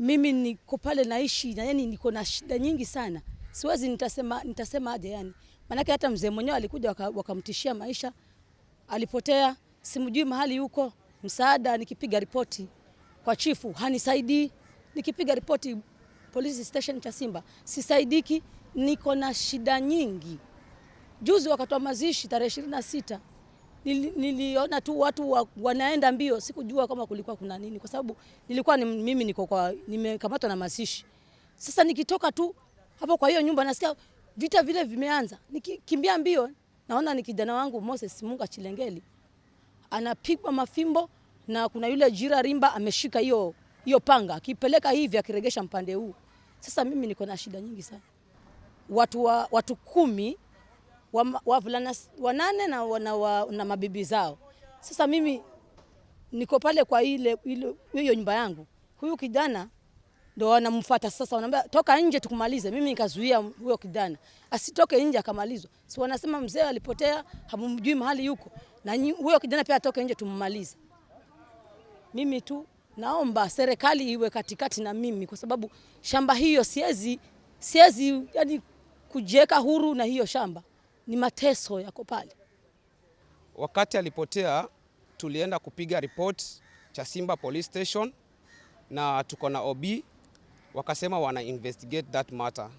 mimi niko pale naishi na yani niko na shida nyingi sana, siwezi nitasema nitasema aje yani, maanake hata mzee mwenyewe alikuja wakamtishia waka maisha, alipotea, simjui mahali yuko. Msaada nikipiga ripoti kwa chifu hanisaidii, nikipiga ripoti police station cha Simba sisaidiki, niko na shida nyingi. Juzi wakatoa mazishi tarehe ishirini na sita niliona tu watu wa, wanaenda mbio, sikujua kama kulikuwa kuna nini, kwa sababu nilikuwa ni, mimi niko kwa nimekamatwa na masishi. Sasa nikitoka tu hapo kwa hiyo nyumba nasikia vita vile vimeanza, nikikimbia mbio naona ni kijana wangu Moses Munga Chilengeli anapigwa mafimbo na kuna yule Jira Rimba ameshika hiyo hiyo panga akipeleka hivi akiregesha mpande huu. Sasa mimi niko na shida nyingi sana, watu, wa, watu kumi wavulana wanane na, wana, wa, na mabibi zao. Sasa mimi niko pale kwa ile hiyo nyumba yangu, huyu kijana ndo wanamfuata sasa, wanaambia toka nje tukumalize. Mimi nikazuia huyo kijana asitoke nje akamalizwa, si wanasema mzee alipotea, hamjui mahali yuko, na huyo kijana pia atoke nje tumumalize. Mimi tu naomba serikali iwe katikati na mimi, kwa sababu shamba hiyo siwezi siwezi yani kujieka huru na hiyo shamba ni mateso yako pale. Wakati alipotea tulienda kupiga report cha Simba Police Station na tuko na OB wakasema wana investigate that matter.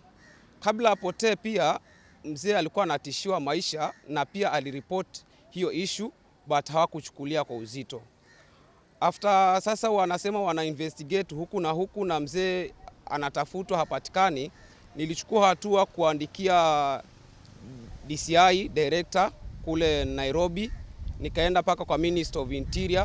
Kabla apotee pia mzee alikuwa anatishiwa maisha na pia aliripoti hiyo issue but hawakuchukulia kwa uzito. After sasa wanasema wana investigate huku na huku na mzee anatafutwa hapatikani, nilichukua hatua kuandikia DCI director kule Nairobi, nikaenda mpaka kwa Minister of Interior